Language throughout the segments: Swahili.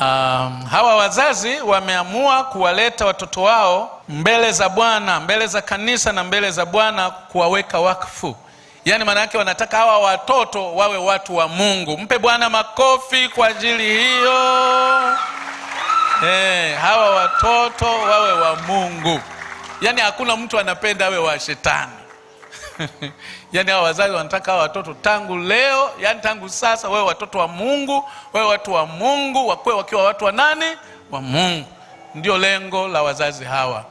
Um, hawa wazazi wameamua kuwaleta watoto wao mbele za Bwana, mbele za kanisa na mbele za Bwana kuwaweka wakfu. Yaani maana yake wanataka hawa watoto wawe watu wa Mungu. Mpe Bwana makofi kwa ajili hiyo. Eh, hawa watoto wawe wa Mungu. Yaani hakuna mtu anapenda awe wa shetani. Yaani hawa wazazi wanataka hawa watoto tangu leo, yani tangu sasa, wewe watoto wa Mungu, wewe watu wa Mungu, wakwe wakiwa watu wa nani? Wa Mungu. Ndio lengo la wazazi hawa.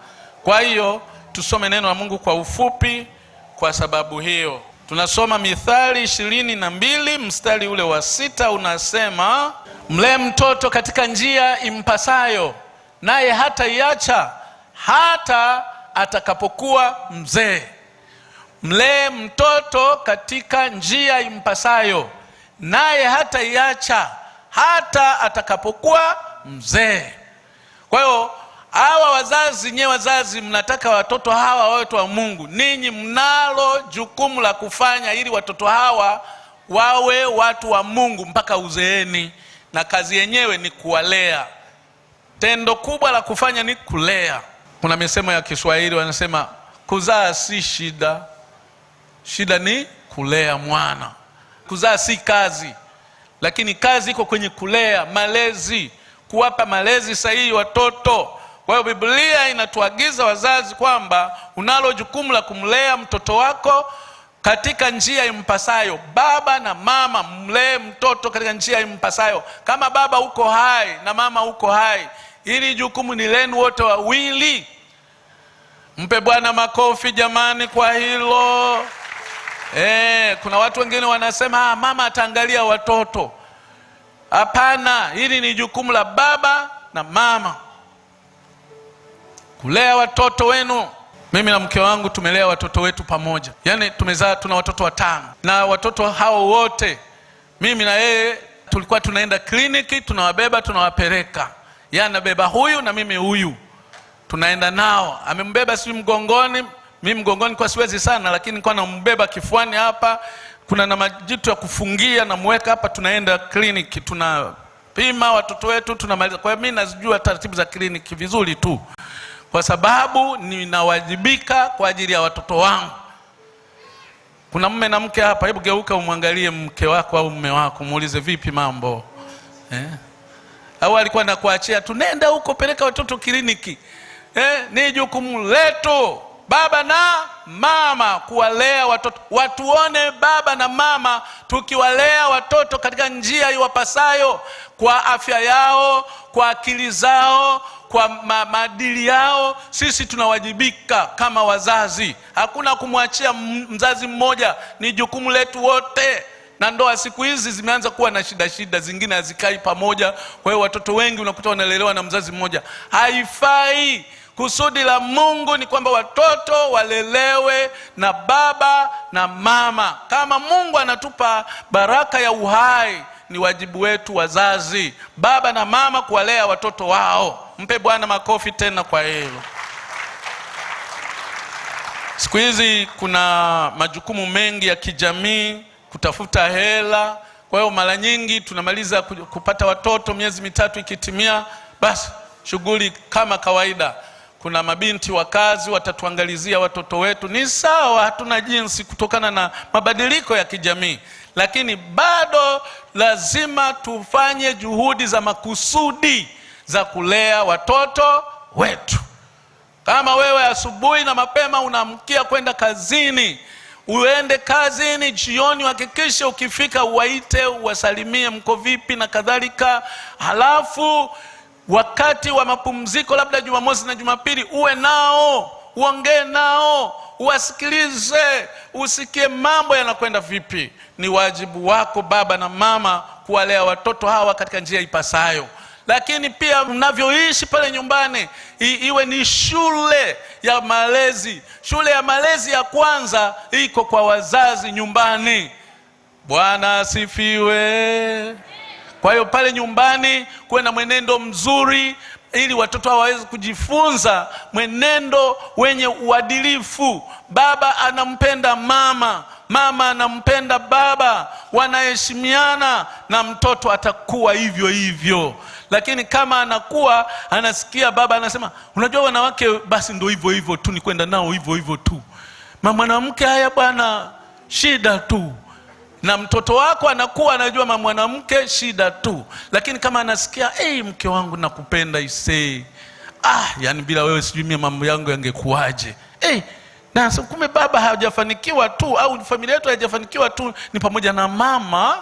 Kwa hiyo tusome neno la Mungu kwa ufupi. Kwa sababu hiyo tunasoma Mithali ishirini na mbili mstari ule wa sita unasema, mlee mtoto katika njia impasayo, naye hata iacha hata atakapokuwa mzee. Mlee mtoto katika njia impasayo, naye hata iacha hata atakapokuwa mzee. Kwa hiyo hawa wazazi, nyewe wazazi, mnataka watoto hawa wawe watu wa Mungu, ninyi mnalo jukumu la kufanya ili watoto hawa wawe watu wa Mungu mpaka uzeeni, na kazi yenyewe ni kuwalea. Tendo kubwa la kufanya ni kulea. Kuna misemo ya Kiswahili wanasema, kuzaa si shida Shida ni kulea mwana. Kuzaa si kazi, lakini kazi iko kwenye kulea, malezi, kuwapa malezi sahihi watoto. Kwa hiyo Biblia inatuagiza wazazi kwamba unalo jukumu la kumlea mtoto wako katika njia impasayo. Baba na mama, mlee mtoto katika njia impasayo. Kama baba uko hai na mama uko hai, ili jukumu ni lenu wote wawili. Mpe Bwana makofi jamani kwa hilo. Eh, kuna watu wengine wanasema ah, mama ataangalia watoto. Hapana, hili ni jukumu la baba na mama kulea watoto wenu. Mimi na mke wangu tumelea watoto wetu pamoja, yaani tumezaa, tuna watoto watano, na watoto hao wote mimi na yeye tulikuwa tunaenda kliniki, tunawabeba tunawapeleka, yeye yaani, anabeba huyu na mimi huyu, tunaenda nao, amembeba si mgongoni mimi mgongoni kwa siwezi sana, lakini kwa nambeba kifuani hapa, kuna na majitu ya kufungia namweka hapa, tunaenda kliniki, tunapima watoto wetu, tunamaliza. Kwa hiyo mimi nazijua taratibu za kliniki vizuri tu, kwa sababu ninawajibika kwa ajili ya watoto wangu. Kuna mme na mke hapa, hebu geuka umwangalie mke wako au mme wako, muulize vipi mambo eh? Au alikuwa nakuachia tu, nenda huko, peleka watoto kliniki eh? Ni jukumu letu baba na mama kuwalea watoto. Watuone baba na mama tukiwalea watoto katika njia iwapasayo, kwa afya yao, kwa akili zao, kwa maadili yao. Sisi tunawajibika kama wazazi, hakuna kumwachia mzazi mmoja, ni jukumu letu wote na ndoa siku hizi zimeanza kuwa na shida shida, zingine hazikai pamoja. Kwa hiyo watoto wengi unakuta wanalelewa na mzazi mmoja. Haifai. Kusudi la Mungu ni kwamba watoto walelewe na baba na mama. Kama Mungu anatupa baraka ya uhai, ni wajibu wetu wazazi, baba na mama, kuwalea watoto wao. Mpe Bwana makofi tena kwa hilo. Siku hizi kuna majukumu mengi ya kijamii, kutafuta hela. Kwa hiyo mara nyingi tunamaliza kupata watoto, miezi mitatu ikitimia, basi shughuli kama kawaida kuna mabinti wa kazi watatuangalizia watoto wetu. Ni sawa, hatuna jinsi kutokana na mabadiliko ya kijamii, lakini bado lazima tufanye juhudi za makusudi za kulea watoto wetu. Kama wewe asubuhi na mapema unaamkia kwenda kazini, uende kazini, jioni uhakikishe ukifika uwaite, uwasalimie, mko vipi na kadhalika, halafu wakati wa mapumziko, labda Jumamosi na Jumapili, uwe nao, uongee nao, uwasikilize, usikie mambo yanakwenda vipi. Ni wajibu wako baba na mama kuwalea watoto hawa katika njia ipasayo lakini pia mnavyoishi pale nyumbani I, iwe ni shule ya malezi. Shule ya malezi ya kwanza iko kwa wazazi nyumbani. Bwana asifiwe. Kwa hiyo pale nyumbani kuwe na mwenendo mzuri, ili watoto hao waweze kujifunza mwenendo wenye uadilifu. Baba anampenda mama, mama anampenda baba, wanaheshimiana, na mtoto atakuwa hivyo hivyo. Lakini kama anakuwa anasikia baba anasema, unajua wanawake basi ndo hivyo hivyo tu, ni kwenda nao hivyo hivyo tu, mwanamke haya bwana, shida tu na mtoto wako anakuwa anajua ma mwanamke shida tu, lakini kama anasikia hey, mke wangu nakupenda isee, ah, yani bila wewe sijui mimi mambo yangu yangekuwaje hey, eh, na kumbe baba hajafanikiwa tu, au familia yetu haijafanikiwa tu, ni pamoja na mama.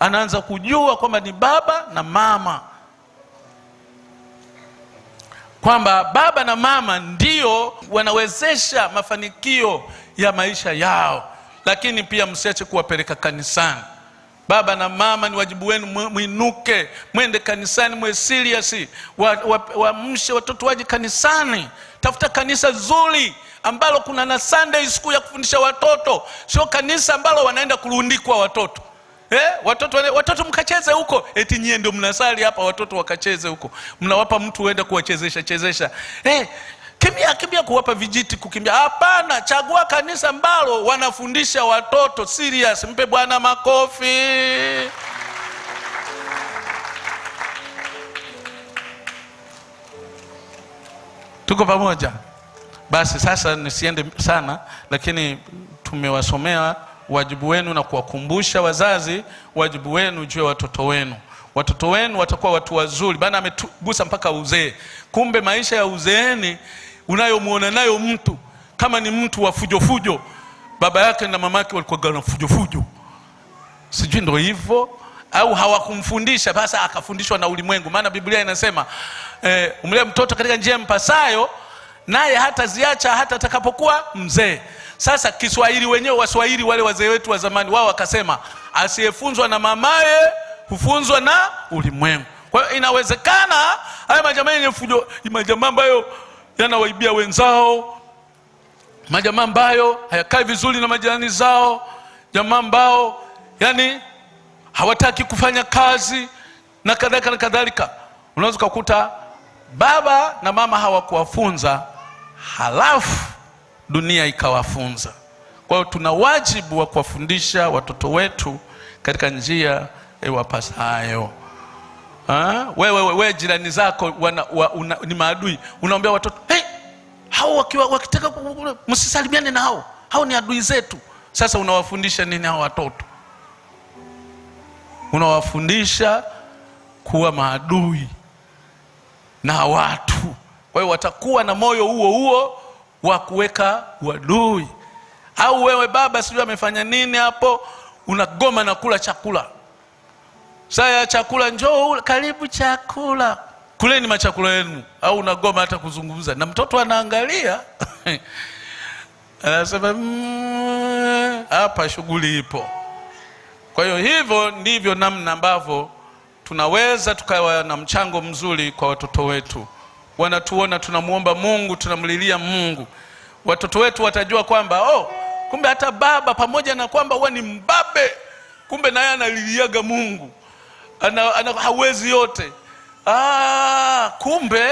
Anaanza kujua kwamba ni baba na mama, kwamba baba na mama ndio wanawezesha mafanikio ya maisha yao lakini pia msiache kuwapeleka kanisani. Baba na mama, ni wajibu wenu, mwinuke mwende kanisani, mwe serious, wamshe wa, wa watoto waje kanisani. Tafuta kanisa zuri ambalo kuna na Sunday school ya kufundisha watoto, sio kanisa ambalo wanaenda kurundikwa watoto eh, watoto, watoto mkacheze huko, eti nyie ndio mnasali hapa watoto wakacheze huko, mnawapa mtu uenda kuwachezesha chezesha eh, kuwapa vijiti kukimbia. Hapana, chagua kanisa ambalo wanafundisha watoto serious. Mpe Bwana makofi. Tuko pamoja? Basi sasa nisiende sana, lakini tumewasomea wajibu wenu na kuwakumbusha wazazi wajibu wenu juu ya watoto wenu. Watoto wenu watakuwa watu wazuri. Bana ametugusa mpaka uzee. Kumbe maisha ya uzeeni unayomwona nayo mtu kama ni mtu wa fujofujo fujo, baba yake na mama yake walikuwa na fujofujo, sijui ndo hivyo au hawakumfundisha, basi akafundishwa na ulimwengu. Maana Biblia inasema eh, umlee mtoto katika njia mpasayo, naye hata ziacha hata atakapokuwa mzee. Sasa Kiswahili wenyewe Waswahili wale wazee wetu wa zamani, wao wakasema asiyefunzwa na mamaye hufunzwa na ulimwengu. Kwa hiyo inawezekana haya majamaa yenye fujo, majamaa ambayo yanawaibia wenzao, majamaa ambayo hayakai vizuri na majirani zao, jamaa ambao yani hawataki kufanya kazi na kadhalika na kadhalika. Unaweza ukakuta baba na mama hawakuwafunza, halafu dunia ikawafunza. Kwa hiyo tuna wajibu wa kuwafundisha watoto wetu katika njia iwapasayo wewe we, we, jirani zako wana, wa, una, ni maadui, unaambia watoto hey, hao wakiwa, wakitaka msisalimiane na hao, hao ni adui zetu. Sasa unawafundisha nini hao watoto? Unawafundisha kuwa maadui na watu. Kwa hiyo watakuwa na moyo huo huo wa kuweka uadui. Au wewe baba, sijui amefanya nini hapo, unagoma na kula chakula saa ya chakula, njoo karibu chakula, kuleni machakula yenu, au unagoma hata kuzungumza na mtoto anaangalia anasema mm, hapa shughuli ipo. Kwa hiyo hivyo ndivyo namna ambavyo tunaweza tukawa na mchango mzuri kwa watoto wetu. Wanatuona, tunamwomba Mungu, tunamlilia Mungu, watoto wetu watajua kwamba oh, kumbe hata baba pamoja na kwamba huwa ni mbabe, kumbe naye analiliaga Mungu ana, ana, hawezi yote. Ah, kumbe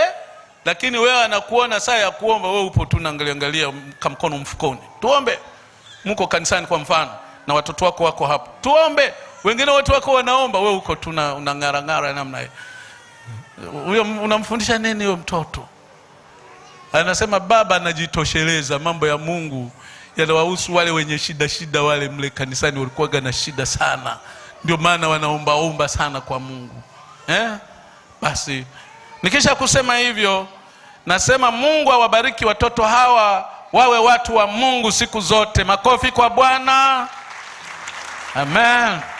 lakini wewe anakuona saa ya kuomba, wewe upo tu naangaliangalia kamkono mfukoni. Tuombe, mko kanisani kwa mfano na watoto wako wako hapo, tuombe. Wengine watu wako wanaomba, wewe uko tu unang'arang'ara namna hiyo. Huyo unamfundisha nini huyo mtoto? Anasema baba anajitosheleza, mambo ya Mungu yanawahusu wale wenye shida shida, wale mle kanisani walikuwaga na shida sana ndio maana wanaombaomba sana kwa Mungu eh? Basi nikisha kusema hivyo, nasema Mungu awabariki wa watoto hawa wawe watu wa Mungu siku zote. Makofi kwa Bwana, amen.